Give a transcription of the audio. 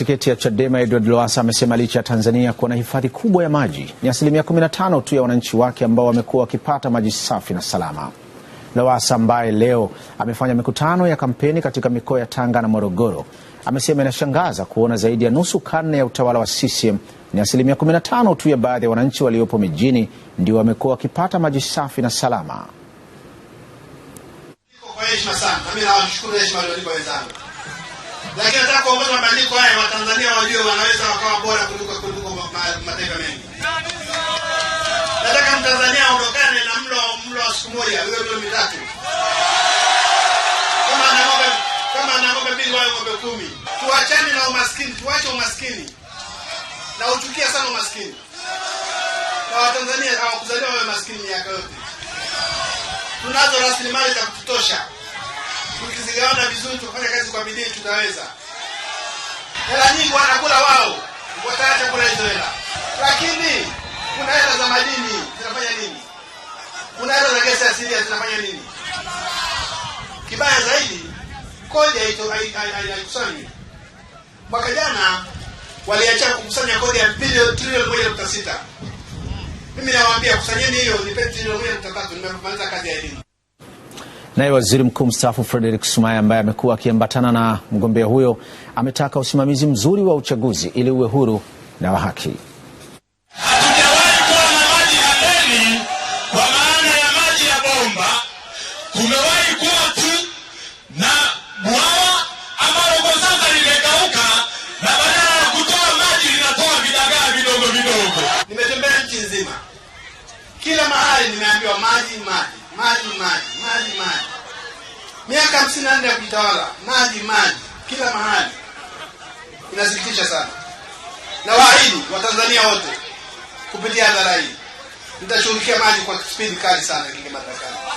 tiketi ya Chadema Edward Lowassa amesema licha ya Tanzania kuwa na hifadhi kubwa ya maji, ni asilimia 15 tu ya wananchi wake ambao wamekuwa wakipata maji safi na salama. Lowassa ambaye leo amefanya mikutano ya kampeni katika mikoa ya Tanga na Morogoro amesema inashangaza kuona zaidi ya nusu karne ya utawala wa CCM ni asilimia 15 tu ya baadhi ya wananchi waliopo mijini ndio wamekuwa wakipata maji safi na salama lakini nataka kuongoza mabadiliko haya, Watanzania wajue wanaweza wakawa bora kuliko kuliko mataifa mengi. Nataka Mtanzania aondokane na mlo mlo wa siku moja, hiyo milo mitatu, kama na ng'ombe kama ana ng'ombe mbili wao ng'ombe kumi. Tuachane na umaskini, tuache umaskini na uchukia sana umaskini, na Watanzania hawakuzaliwa wawe maskini miaka yote. Tunazo rasilimali za kututosha tukizigawana vizuri tukafanya kazi kwa bidii tunaweza hela nyingi wanakula wao wataa chakula hizo hela lakini kuna hela za madini zinafanya nini kuna hela za gesi asilia zinafanya nini kibaya zaidi kodi haikusanywi mwaka jana waliachia kukusanya kodi ya trilioni moja nukta sita mimi nawaambia kusanyeni hiyo nipe trilioni moja nukta tatu nimemaliza kazi ya elimu Naye waziri mkuu mstaafu Frederick Sumaye ambaye amekuwa akiambatana na mgombea huyo ametaka usimamizi mzuri wa uchaguzi ili uwe huru na wa haki. Hatujawahi kuwa na maji haleni kwa maana ya maji ya bomba. Tumewahi kuwa tu na bwawa ambalo kwa sasa limekauka na badala ya kutoa maji linatoa vidagaa vidogo vidogo. Nimetembea nchi nzima, kila mahali nimeambiwa maji, maji, maji, maji, maji, maji miaka hamsini na nne ya kujitawala, maji maji kila mahali, inasikitisha sana. Na waahidi Watanzania wote kupitia hadhara hii, nitashughulikia maji kwa spidi kali sana ikija madarakani.